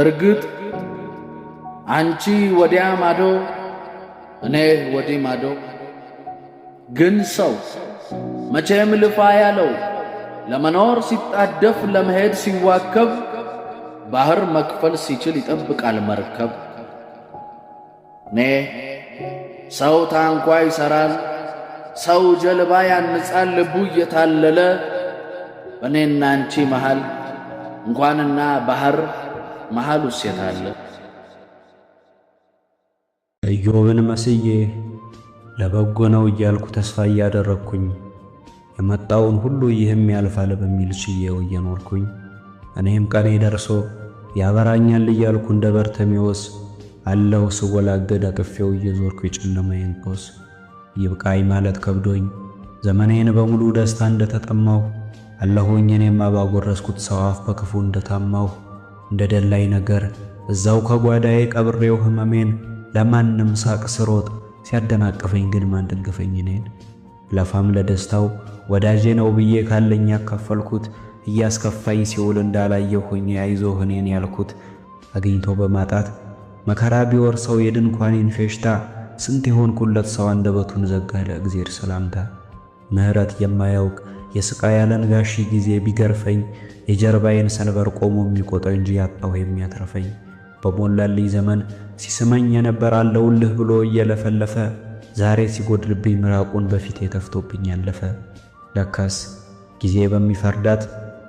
እርግጥ አንቺ ወዲያ ማዶ እኔ ወዲህ ማዶ፣ ግን ሰው መቼም ልፋ ያለው ለመኖር ሲጣደፍ ለመሄድ ሲዋከብ ባህር መክፈል ሲችል ይጠብቃል መርከብ። እኔ ሰው ታንኳ ይሠራል፣ ሰው ጀልባ ያንጻል፣ ልቡ እየታለለ በእኔና አንቺ መሃል እንኳንና ባህር መሃሉ ሴት አለ። ኢዮብን መስዬ ለበጎ ነው እያልኩ ተስፋ እያደረግኩኝ የመጣውን ሁሉ ይህም ያልፋል በሚል ችዬው እየኖርኩኝ እኔም ቀኔ ደርሶ ያበራኛል እያልኩ እንደ በርተሜዎስ አለው ስወላገድ አቅፌው እየዞርኩ የጨለማዬን ጦስ ይብቃኝ ማለት ከብዶኝ ዘመኔን በሙሉ ደስታ እንደተጠማሁ አለሁኝ እኔም አባጎረስኩት ሰው አፍ በክፉ እንደታማሁ እንደ ደላይ ነገር እዛው ከጓዳዬ ቀብሬው ህመሜን ለማንም ሳቅ ስሮጥ ሲያደናቅፈኝ ግን ማን ደገፈኝ እኔን? ለፋም ለደስታው ወዳጄ ነው ብዬ ካለኝ ያካፈልኩት እያስከፋኝ ሲውል እንዳላየሁኝ አይዞህ እኔን ያልኩት አግኝቶ በማጣት መከራ ቢወርሰው የድንኳኔን ፌሽታ ስንት የሆንኩለት ሰው አንደበቱን ዘጋ ለእግዜር ሰላምታ ምሕረት የማያውቅ የስቃይ አለንጋሺ ጊዜ ቢገርፈኝ የጀርባዬን ሰንበር ቆሞ የሚቆጠው እንጂ ያጣሁ የሚያትረፈኝ በሞላልኝ ዘመን ሲስመኝ የነበር አለውልህ ብሎ እየለፈለፈ ዛሬ ሲጎድልብኝ ምራቁን በፊቴ ተፍቶብኝ ያለፈ። ለካስ ጊዜ በሚፈርዳት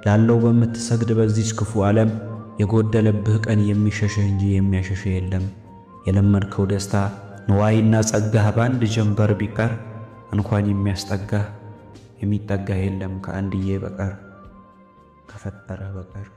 ላለው በምትሰግድ በዚች ክፉ ዓለም የጎደለብህ ቀን የሚሸሸ እንጂ የሚያሸሸ የለም። የለመድከው ደስታ ንዋይና ጸጋህ በአንድ ጀንበር ቢቀር እንኳን የሚያስጠጋህ የሚጠጋ የለም ከአንድዬ በቀር ከፈጠረ በቀር